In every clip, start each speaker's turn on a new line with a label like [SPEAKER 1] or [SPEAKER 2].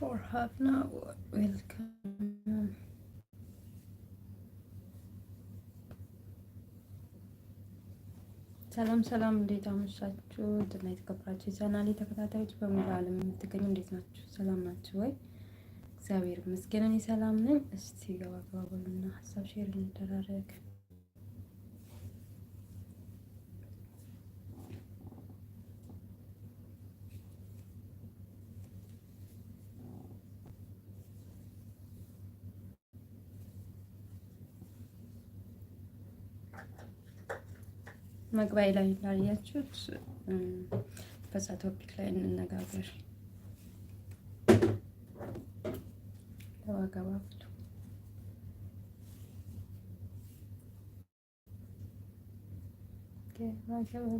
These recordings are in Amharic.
[SPEAKER 1] for Havna welcome. ሰላም ሰላም፣ እንዴት አመሻችሁ? ድና የተከበራችሁ የቻናሌ ተከታታዮች በሙሉ ዓለም የምትገኙ እንዴት ናችሁ? ሰላም ናችሁ ወይ? እግዚአብሔር ይመስገን እኔ ሰላም ነኝ። እስቲ ገባ ገባ በሉና ሀሳብ ሼር እንደራረግ መግባይ ላይ ላያችሁት በዛ ቶፒክ ላይ እንነጋገር። ለዋጋ ባብቱ ገባ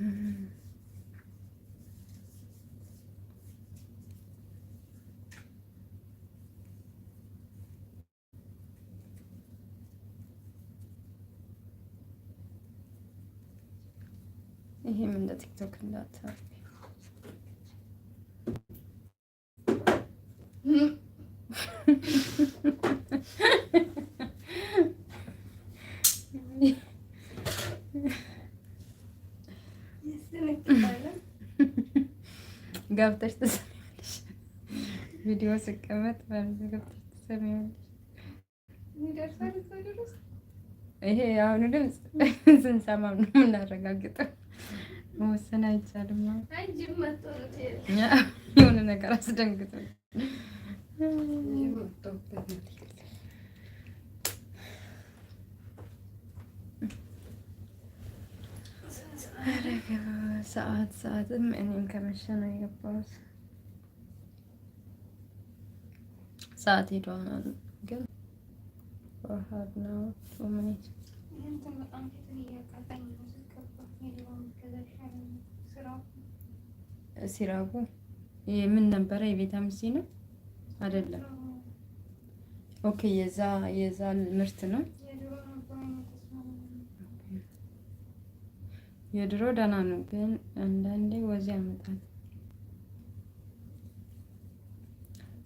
[SPEAKER 1] 음. ይሄ ምን እንደቲክቶክ እንዳታርፊ ገብተሽ ትሰሚያለሽ። ቪዲዮ ስቀመጥ ማለት ገብተሽ ትሰሚያለሽ። ይሄ አሁኑ ድምፅ ስንሰማም ነው የምናረጋግጠው። መወሰን አይቻልም። የሆነ ነገር አስደንግጦ ሰዓት ሰዓትም እኔም ከመሸ ነው የገባሁት። ሰዓት ሄዷል ነው ግን ሀድ ነው ቱመኔት ሲራቡ ምን ነበረ? የቤት አምስት ነው አይደለም። ኦኬ የዛ የዛ ምርት ነው የድሮ ደህና ነው፣ ግን አንዳንዴ ወዝ ያመጣል።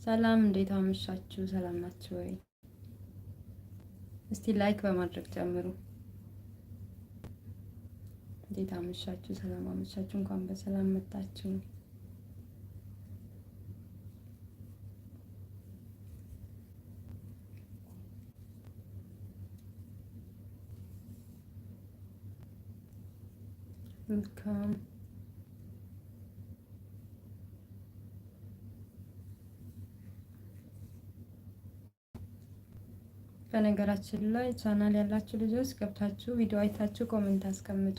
[SPEAKER 1] ሰላም፣ እንዴት አመሻችሁ? ሰላም ናችሁ ወይ? እስቲ ላይክ በማድረግ ጨምሩ። እንዴት አመሻችሁ? ሰላም አመሻችሁ። እንኳን በሰላም መጣችሁ። መልካም በነገራችን ላይ ቻናል ያላችሁ ልጆች ገብታችሁ ቪዲዮ አይታችሁ ኮመንት አስቀምጡ።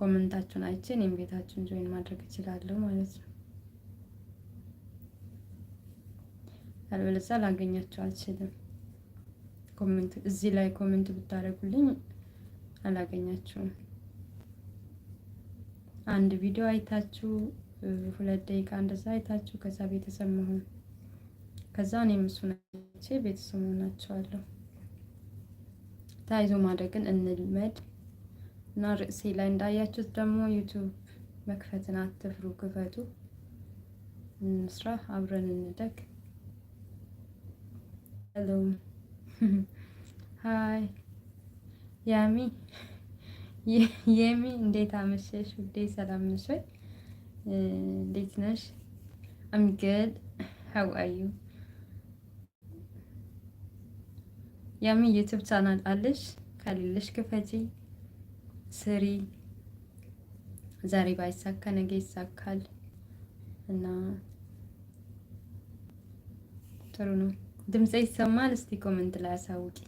[SPEAKER 1] ኮመንታችሁን አይቼ እኔም ቤታችሁን ጆይን ማድረግ እችላለሁ ማለት ነው። ያልበለዚያ ላገኛችሁ አልችልም። ኮመንት እዚህ ላይ ኮመንት ብታደርጉልኝ አላገኛችሁም። አንድ ቪዲዮ አይታችሁ ሁለት ደቂቃ እንደዛ አይታችሁ ከዛ ቤተሰብ መሆን ከዛ እኔም እሱን አይቼ ቤተሰብ መሆናቸዋለሁ። ተያይዞ ማድረግን እንልመድ እና ርዕሴ ላይ እንዳያችሁት ደግሞ ዩቱብ መክፈትን አትፍሩ፣ ክፈቱ፣ እንስራ፣ አብረን እንደግ። ሄሎ ሃይ ያሚ የሚ እንዴት አመሸሽ ውዴ? ሰላም ነሽ ወይ? እንዴት ነሽ? አም ጉድ ሃው አር ዩ? ያሚ ዩቲዩብ ቻናል አለሽ? ከሌለሽ ክፈቺ ስሪ። ዛሬ ባይሳካ ነገ ይሳካል እና ጥሩ ነው። ድምጽ ይሰማል? እስቲ ኮመንት ላይ አሳውቂ።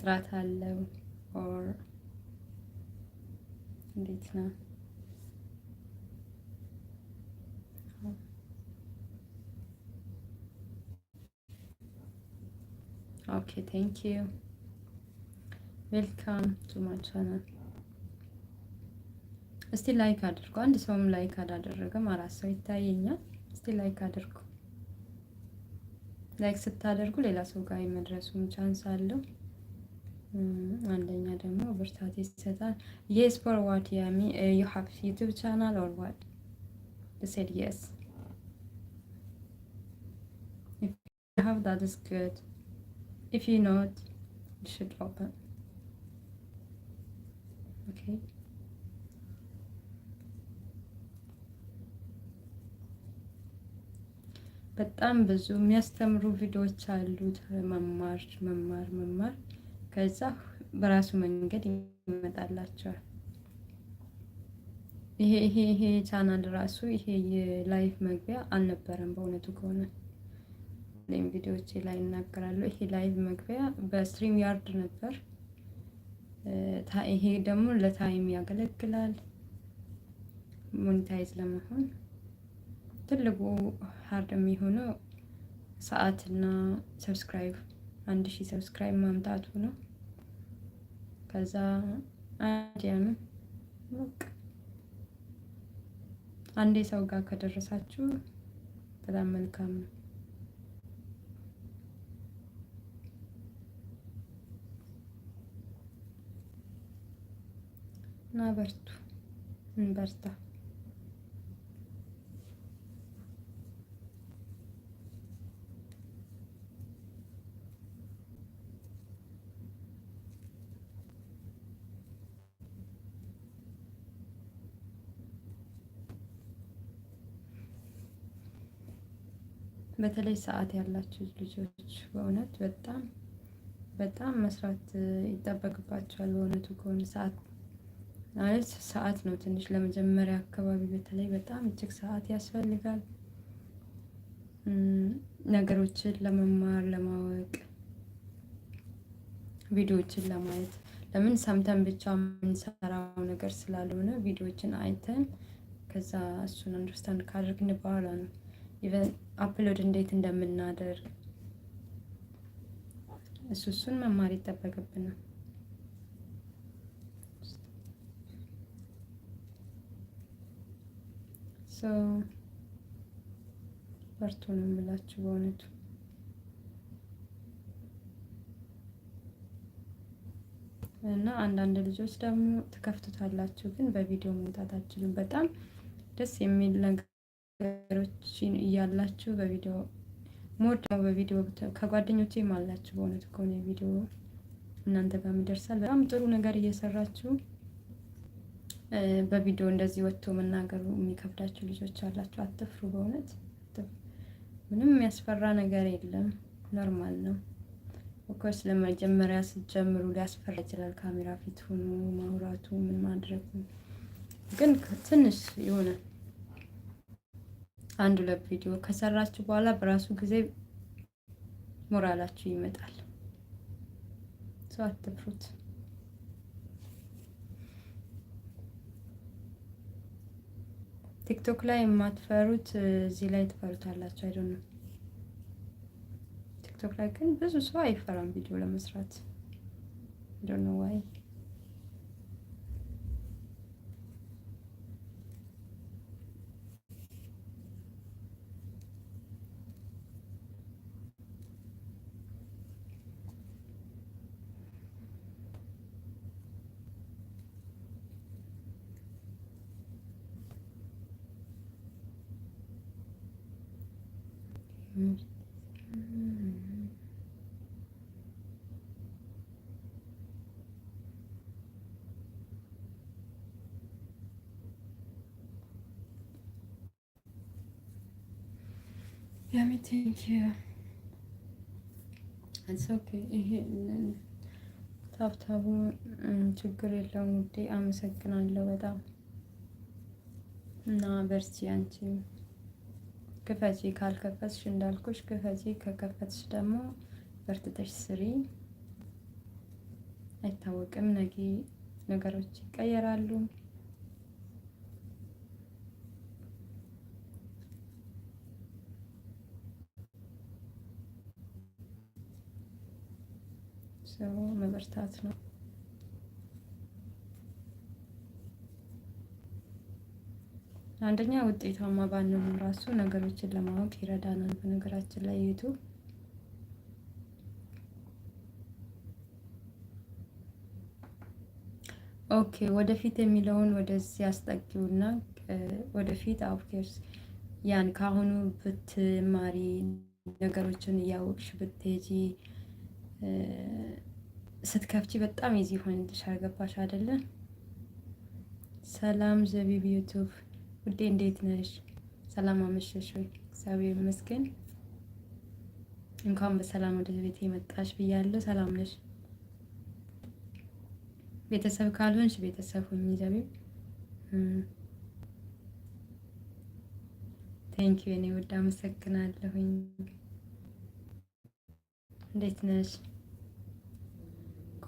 [SPEAKER 1] ጥራት አለው ኦር እንዴት ነው? ኦኬ ቴንክ ዩ ዌልካም ቱ ማይ ቻናል። እስቲ ላይክ አድርጉ። አንድ ሰውም ላይክ አላደረገም፣ አራት ሰው ይታየኛል። እስቲ ላይክ አድርጉ። ላይክ ስታደርጉ ሌላ ሰው ጋር የመድረሱም ቻንስ አለው። አንደኛ ደግሞ ብርታት ይሰጣል። የስ ፎር ዋት ያሚ ዩ ሃቭ ዩቲዩብ ቻናል ኦር ዋት ሴድ የስ ሃቭ ዳት ኢዝ ጉድ ኢፍ ዩ ኖት ሽድ ኦፕን ኦኬ በጣም ብዙ የሚያስተምሩ ቪዲዮዎች አሉት። መማር መማር መማር ከዛ በራሱ መንገድ ይመጣላቸዋል። ይሄ ይሄ ይሄ ቻናል ራሱ ይሄ የላይፍ መግቢያ አልነበረም። በእውነቱ ከሆነ ም ቪዲዮዎቼ ላይ እናገራለሁ። ይሄ ላይፍ መግቢያ በስትሪም ያርድ ነበር። ይሄ ደግሞ ለታይም ያገለግላል ሞኒታይዝ ለመሆን ትልቁ ሀርድ የሚሆነው ሰዓትና ሰብስክራይብ አንድ ሺህ ሰብስክራይብ ማምጣቱ ነው። ከዛ አንድ ያምን አንዴ ሰው ጋር ከደረሳችሁ በጣም መልካም ነው። እና በርቱ፣ እንበርታ። በተለይ ሰዓት ያላችሁ ልጆች በእውነት በጣም በጣም መስራት ይጠበቅባቸዋል። በእውነቱ ከሆነ ሰዓት ማለት ሰዓት ነው። ትንሽ ለመጀመሪያ አካባቢ በተለይ በጣም እጅግ ሰዓት ያስፈልጋል። ነገሮችን ለመማር ለማወቅ፣ ቪዲዮዎችን ለማየት ለምን ሰምተን ብቻ የምንሰራው ነገር ስላልሆነ ቪዲዮዎችን አይተን ከዛ እሱን አንደርስታንድ ካደረግን በኋላ ነው ኢቨን አፕሎድ እንዴት እንደምናደርግ እሱ እሱን መማር ይጠበቅብናል። በርቱ ነው የምላችሁ በእውነቱ። እና አንዳንድ ልጆች ደግሞ ትከፍቱታላችሁ፣ ግን በቪዲዮ መምጣት አትችሉም። በጣም ደስ የሚል ነገር ነገሮችን እያላችሁ በቪዲዮ ሞድ ደግሞ በቪዲዮ ከጓደኞቼም አላችሁ በእውነት ከሆነ ቪዲዮ እናንተ ጋር ይደርሳል። በጣም ጥሩ ነገር እየሰራችሁ በቪዲዮ እንደዚህ ወጥቶ መናገሩ የሚከብዳችሁ ልጆች አላችሁ፣ አትፍሩ። በእውነት ምንም የሚያስፈራ ነገር የለም፣ ኖርማል ነው። ኦፍኮርስ ለመጀመሪያ ስትጀምሩ ሊያስፈራ ይችላል። ካሜራ ፊት ሆኖ ማውራቱ ምን ማድረጉ ግን ትንሽ ይሆናል አንድ ሁለት ቪዲዮ ከሰራችሁ በኋላ በራሱ ጊዜ ሞራላችሁ ይመጣል። ሰው አትፍሩት። ቲክቶክ ላይ የማትፈሩት እዚህ ላይ ትፈሩታላችሁ። አይደለም ቲክቶክ ላይ ግን ብዙ ሰው አይፈራም ቪዲዮ ለመስራት። ዶንት ኖ ዋይ ያሚ ቴንክ ዩ ኢትስ ኦኬ። ታብታቡ ችግር የለውም ውዴ። አመሰግናለሁ በጣም እና በርቺ። አንቺ ክፈቺ፣ ካልከፈትሽ እንዳልኩሽ ክፈቺ፣ ከከፈትሽ ደግሞ በርትተሽ ስሪ። አይታወቅም ነገ ነገሮች ይቀየራሉ። ሰው መበርታት ነው። አንደኛ ውጤታማ ባንሆን ራሱ ነገሮችን ለማወቅ ይረዳናል። በነገራችን ላይ ዩቱብ ኦኬ ወደፊት የሚለውን ወደዚህ ያስጠጊውና ወደፊት አብኬርስ ያን ከአሁኑ ብትማሪ ነገሮችን እያወቅሽ ብትሄጂ ስትከፍቺ በጣም ይዚ ሆንልሻል። ገባሽ አይደለ? ሰላም ዘቢብ ዩቱብ ውዴ፣ እንዴት ነሽ? ሰላም አመሸሽ ወይ? እግዚአብሔር ይመስገን። እንኳን በሰላም ወደ ቤት የመጣሽ ብያለሁ። ሰላም ነሽ? ቤተሰብ ካልሆንሽ ቤተሰብ ሁኚ ዘቢብ። ቴንኪዩ የኔ ውድ፣ አመሰግናለሁኝ። እንዴት ነሽ?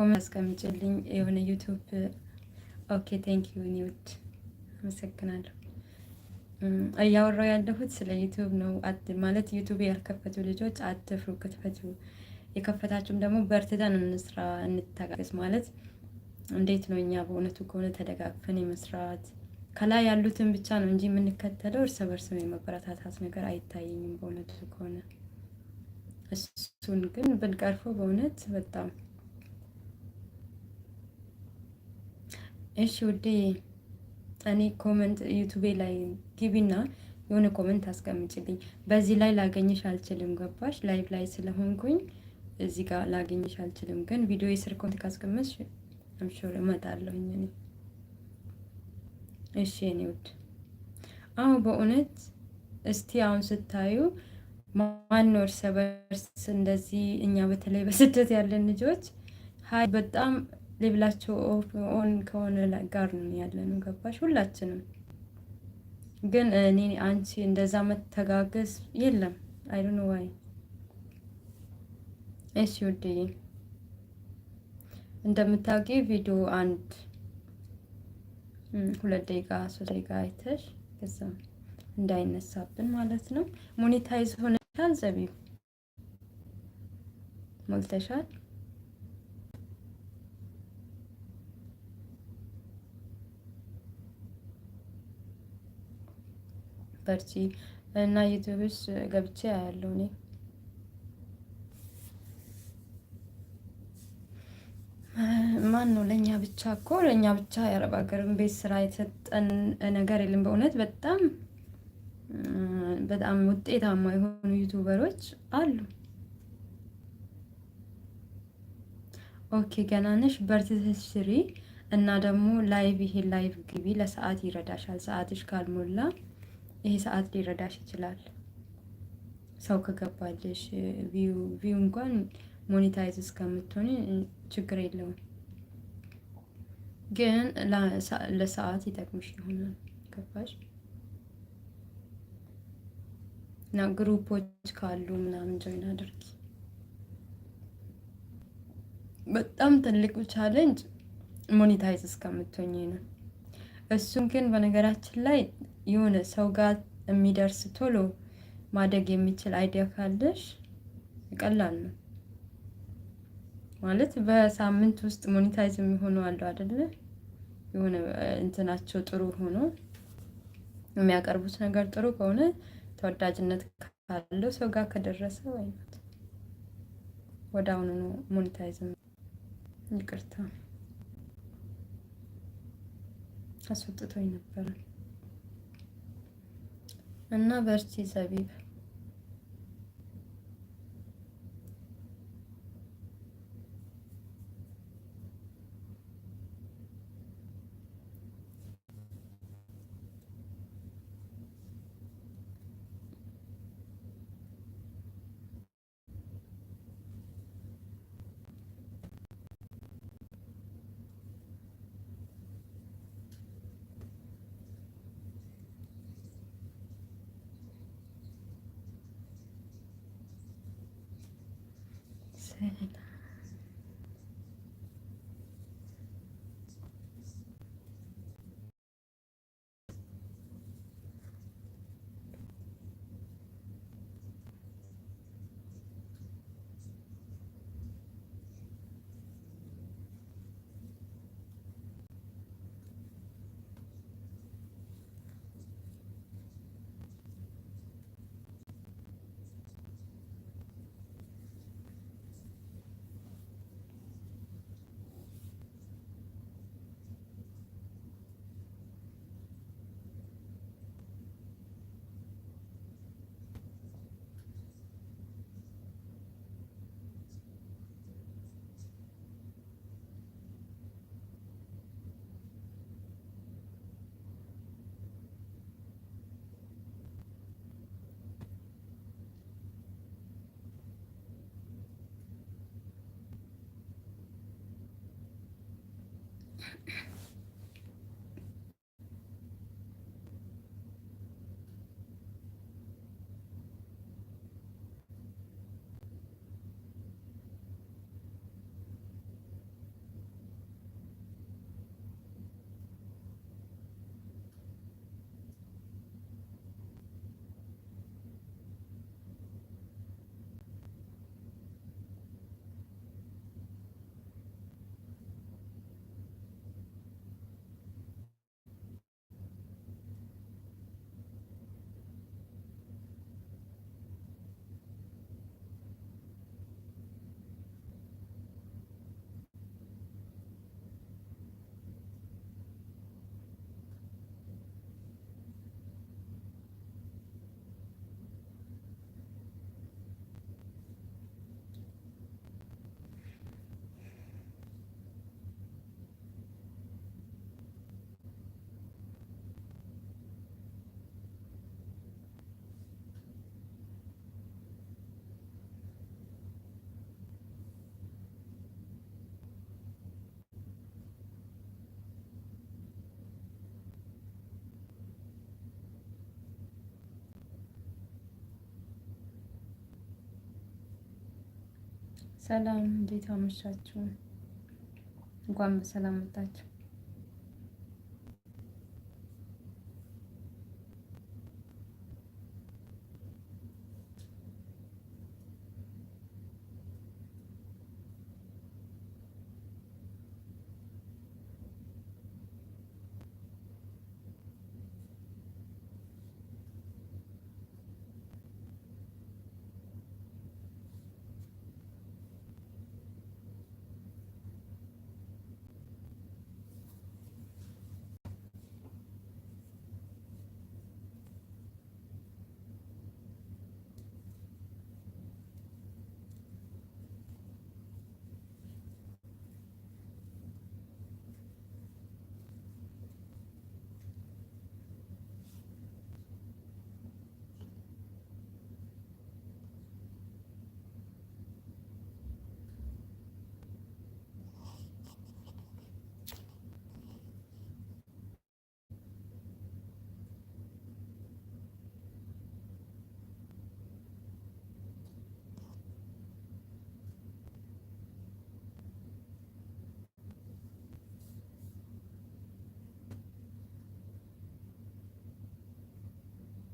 [SPEAKER 1] ኮመንት አስቀምጭልኝ የሆነ ዩቱብ። ኦኬ ቴንክ ዩ ኒውድ አመሰግናለሁ። እያወራው ያለሁት ስለ ዩቱብ ነው። ማለት ዩቱብ ያልከፈቱ ልጆች አትፍሩ፣ ክትፈቱ። የከፈታችሁም ደግሞ በርትተን እንስራ፣ እንተጋገዝ። ማለት እንዴት ነው እኛ በእውነቱ ከሆነ ተደጋግፈን የመስራት ከላይ ያሉትን ብቻ ነው እንጂ የምንከተለው እርስ በርስ የመበረታታት ነገር አይታየኝም በእውነቱ ከሆነ እሱን ግን ብንቀርፎ በእውነት በጣም እሺ ውዴ፣ እኔ ኮመንት ዩቱቤ ላይ ግቢና የሆነ ኮመንት አስቀምጭልኝ። በዚህ ላይ ላገኝሽ አልችልም፣ ገባሽ? ላይቭ ላይ ስለሆንኩኝ እዚህ ጋር ላገኝሽ አልችልም፣ ግን ቪዲዮ የስር ኮንት ካስቀመጥሽ አምሾር እመጣለሁ። እኔ እሺ፣ እኔ ውድ፣ አዎ በእውነት እስቲ አሁን ስታዩ ማን እርስ እንደዚህ እኛ በተለይ በስደት ያለን ልጆች ሀይ በጣም ሌብላቸው ኦን ከሆነ ጋር ነው ያለ ነው። ገባሽ? ሁላችንም ግን እኔ አንቺ እንደዛ መተጋገዝ የለም። አይ ዶንት ኖ ዋይ። እሺ ውዴ፣ እንደምታውቂ ቪዲዮ አንድ ሁለት ደቂቃ ሶስት ደቂቃ አይተሽ ከዛም እንዳይነሳብን ማለት ነው። ሞኔታይዝ ሆነሻል። ዘቢብ ሞልተሻል። በርቺ እና ዩቲዩብስ ገብቼ አያለሁ እኔ ማን ነው ለእኛ ብቻ እኮ ለእኛ ብቻ የአረብ ሀገር ቤት ስራ የተሰጠን ነገር የለም። በእውነት በጣም በጣም ውጤታማ የሆኑ ዩቱበሮች አሉ። ኦኬ ገና ነሽ፣ በርቺ ስሪ እና ደግሞ ላይቭ ይሄ ላይቭ ግቢ፣ ለሰዓት ይረዳሻል። ሰዓትሽ ካልሞላ ይሄ ሰዓት ሊረዳሽ ይችላል። ሰው ከገባልሽ ቪው እንኳን ሞኔታይዝ እስከምትሆን ችግር የለውም፣ ግን ለሰዓት ይጠቅምሽ ይሆናል። ገባሽ እና ግሩፖች ካሉ ምናምን ጆይን አድርጊ። በጣም ትልቁ ቻለንጅ ሞኔታይዝ እስከምትሆኝ ነው። እሱን ግን በነገራችን ላይ የሆነ ሰው ጋር የሚደርስ ቶሎ ማደግ የሚችል አይዲያ ካለሽ ይቀላል ነው ማለት በሳምንት ውስጥ ሞኔታይዝ የሚሆኑ አሉ አይደለ? የሆነ እንትናቸው ጥሩ ሆኖ የሚያቀርቡት ነገር ጥሩ ከሆነ ተወዳጅነት ካለው ሰው ጋር ከደረሰ ወይ ወደ አሁኑ ሞኔታይዝ ይቅርታ አስወጥቶኝ ነበረ። እና በርቺ ዘቢብ く Thank you. ሰላም፣ እንዴት አመሻችሁ? እንኳን በሰላም መጣችሁ።